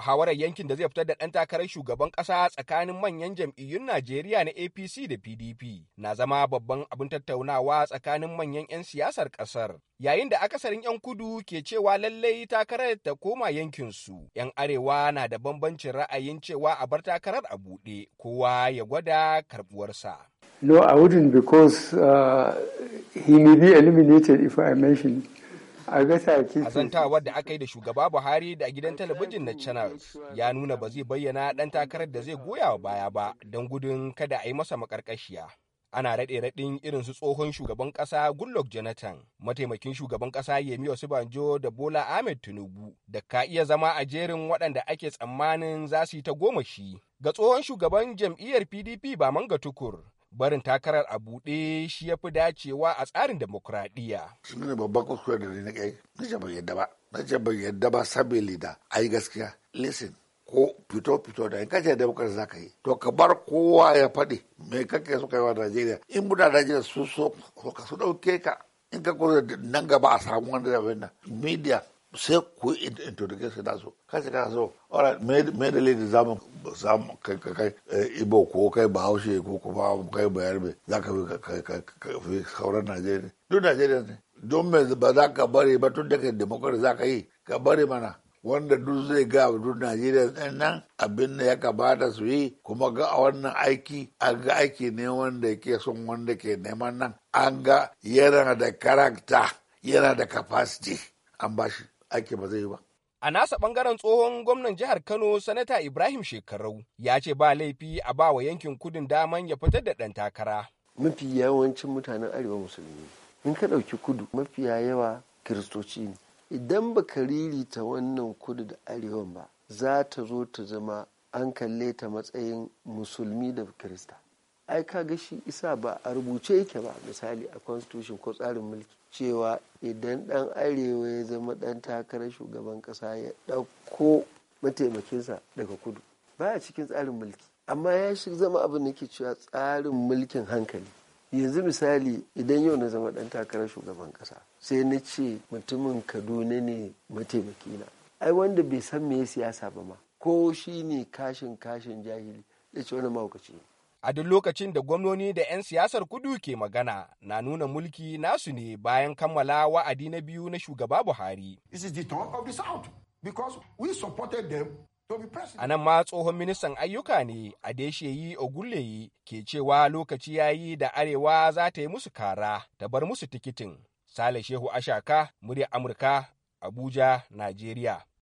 muhawarar yankin da zai fitar da ɗan takarar shugaban ƙasa tsakanin manyan jam'iyyun Najeriya na APC da PDP na zama babban abin tattaunawa tsakanin manyan 'yan siyasar ƙasar. Yayin da akasarin 'yan kudu ke cewa lallai takarar ta koma yankinsu, 'yan arewa na da bambancin ra'ayin cewa a bar takarar a buɗe, kowa ya gwada karɓuwarsa. No, I wouldn't because uh, he may be eliminated if I mention A wadda da aka yi da shugaba Buhari da gidan talabijin na Channels ya nuna ba zai bayyana ɗan takarar da zai goya wa baya ba don gudun kada a yi masa makarkashiya. Ana raɗe raɗin irin su tsohon shugaban ƙasa Goodluck Jonathan, mataimakin shugaban ƙasa Yemi Osibanjo da Bola Ahmed Tinubu da ka iya zama a jerin waɗanda ake tsammanin za su yi ta goma shi. Ga tsohon shugaban jam'iyyar PDP ba manga tukur barin takarar a buɗe shi ya fi dacewa a tsarin demokuraɗiyya. shi ne babban kuskure da ni na kai na ce ban yadda ba na ce ban yadda ba sabili da a yi gaskiya listen ko fito-fito da in ce demokar za ka yi to ka bar kowa ya faɗi me kake so kai wa najeriya in buɗa najeriya su so ka su ɗauke ka in ka da nan gaba a samu wanda da media sai ku yi su kai su kana so ora me dalilin za mu kai kai ibo eh, ko kai bahaushe ko kuma kai bayarbe za ka fi sauran najeriya duk najeriya ne don me ba za ka bari ba tun da kai democrat za ka yi ka bari mana wanda duk zai ga duk Najeriya ɗin nan abin da ya kamata su yi kuma ga a wannan aiki an ga aiki ne wanda ke son wanda ke neman nan an ga yana da karakta yana da capacity an bashi ake ba zai ba. A nasa ɓangaren tsohon gwamnan jihar Kano Sanata Ibrahim Shekarau ya ce ba laifi a ba wa yankin kudin daman ya fitar da ɗan takara. Mafi yawancin mutanen Arewa Musulmi in ka ɗauki kudu mafiya yawa Kiristoci ne. Idan ba ka ririta wannan kudu da Arewa ba za ta zo ta zama an kalle ta matsayin Musulmi da Kirista. ai ga shi isa ba a rubuce yake ba misali a constitution ko tsarin mulki cewa idan dan arewa ya zama dan takarar shugaban kasa ya ɗauko mataimakinsa daga kudu Ba'a cikin tsarin mulki amma ya shi zama abin da ke cewa tsarin mulkin hankali yanzu misali idan yau na zama dan takarar shugaban kasa sai na ce mutumin kaduna ne mataimakina ai wanda bai san me siyasa ba ma ko shi ne kashin kashin jahili da ce wani mahaukaci ne a duk lokacin da gwamnoni da 'yan siyasar kudu ke magana na nuna mulki nasu ne bayan kammala wa'adi na biyu na shugaba Buhari. A nan ma tsohon ministan ayyuka ne a yi Ogulleyi ke cewa lokaci ya yi da Arewa za ta yi musu kara ta bar musu tikitin. Sale Shehu Ashaka, murya Amurka, Abuja, Najeriya.